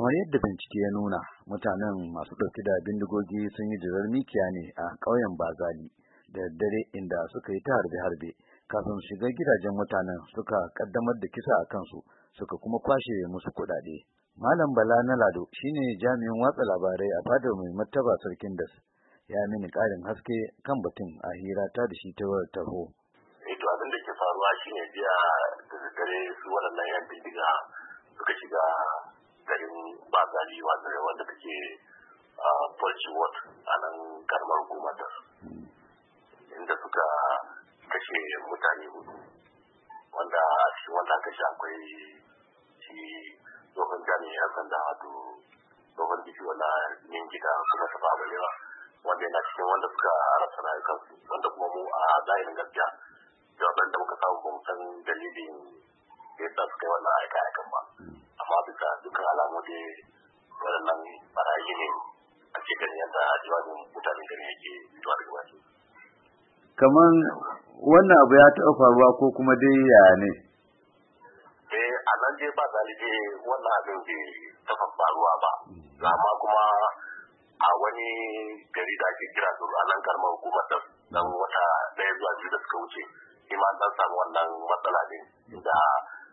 kamar yadda bincike ya nuna mutanen masu ɗauki da bindigogi sun yi jirar mikiya ne a ƙauyen bazali da dare inda suka yi ta harbe-harbe kafin shiga gidajen mutanen suka ƙaddamar da kisa a kansu suka kuma kwashe musu kuɗaɗe malam bala na lado shine jami'in watsa labarai a fadar mai mataba sarkin das ya mini ƙarin haske kan batun a hira ta da shi ta taho. Eh, to abin da ke faruwa shine biya da dare su waɗannan yan bindiga ke Portswood a nan karmar gumatar inda suka kashe mutane hudu wanda shi wanda aka kashe akwai shi tsohon jami ya sanda hadu tsohon jiki wanda yin gida kuma su ba balewa wanda yana cikin wanda suka rasa rayuwa wanda kuma mu a zahirin gaskiya jawaban da muka samu ba san dalilin da ya sa suka yi wannan aika-aikan ba amma bisa dukkan alamu dai yadda jawabin mutanen garin yake zuwa da gabaki kaman wannan abu ya taɓa faruwa ko kuma dai ya ne eh a nan je ba galibi wannan abin bai taɓa faruwa ba mm. amma kuma a wani gari da ake kira su a nan karmar hukumar da dan wata daya zuwa biyu da suka wuce shi dan samu wannan matsala ne da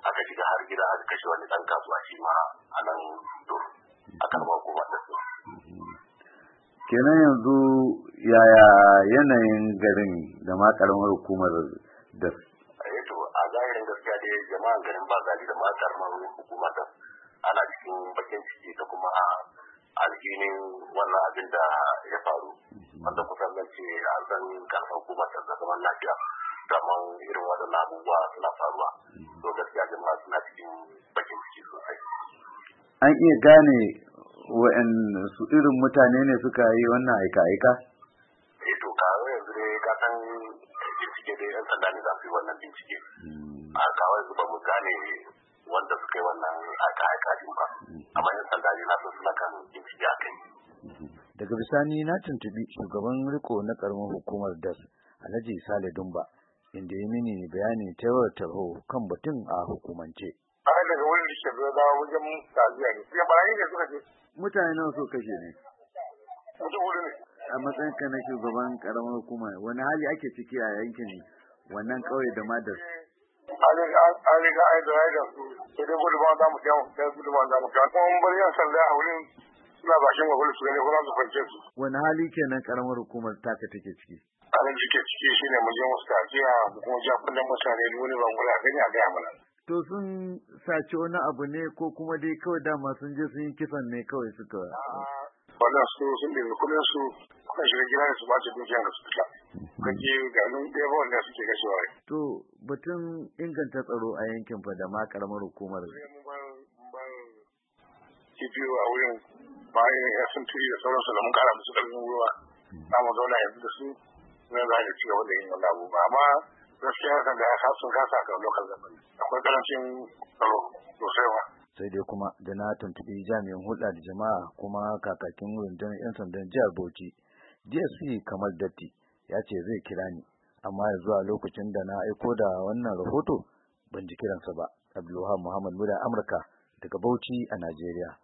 aka shiga har gida aka kashe wani dan kasuwa shi ma a nan dur a karmar hukumar kenan yanzu yaya yanayin garin da ma karamar hukumar da eh to a zahirin gaskiya dai jama'an garin ba zali da ma karamar hukumar da ana cikin bakin ciki da kuma alginin wannan abin da ya faru wanda kusan sallance ce an karfa hukumar da zaman lafiya daman irin waɗannan abubuwa suna faruwa to gaskiya jama'a suna cikin bakin ciki sosai an iya gane wa'in su irin mutane ne suka yi wannan aika-aika? E, to ka yanzu ne ka san bincike da yan sanda ne za su yi wannan bincike. Hmm. A kawai zuba mu gane wanda suka yi wannan aika-aika din ba. Hmm. Amma yan sanda ne na so suna kan bincike a kai. Hmm. Daga bisani na tuntubi shugaban riko na karamin hukumar DAS Alhaji Sale Dumba inda ya mini bayani ta yawar tarho kan batun a hukumance. wurin da zuwa wajen taziya ne sai bayan da suka ce mutane nawa so kashe ne mutum wuri ne a matsayin ka na shugaban karamar hukuma wani hali ake ciki a yankin wannan kauye da madar riga da su sai dai za mu sai za mu kuma yan a wurin suna su gani kuma wani hali kenan karamar hukumar taka take ciki halin da ciki shine mu je mu tafiya mu kuma ja kunnen mutane dole ban gula gani a gaya mana to sun sace wani abu ne ko kuma dai kawai dama sun je sun yi kisan ne kawai suka wannan su sun nemi kudin su kuma shiga gida su ba su dukiyar da suka kake ganin ɗaya wanda suke gashewa to batun inganta tsaro a yankin fa da ma karamar hukumar kibiyo a wurin bayan ya sun turi da sauransu da mun kara musu ƙarfin ruwa za mu zauna yanzu da su zan za ci gaba da yin wani abu ba amma gaskiya da ya sun kasa ga lokal akwai karancin tsaro sosai sai dai kuma da na tuntuɓi jami'in hulɗa da jama'a kuma kakakin rundunar 'yan sandan jihar bauchi dsp kamar datti ya ce zai kira ni amma ya zuwa lokacin da na aiko da wannan rahoto ban ji kiransa ba abdulwahab muhammad muda amurka daga bauchi a najeriya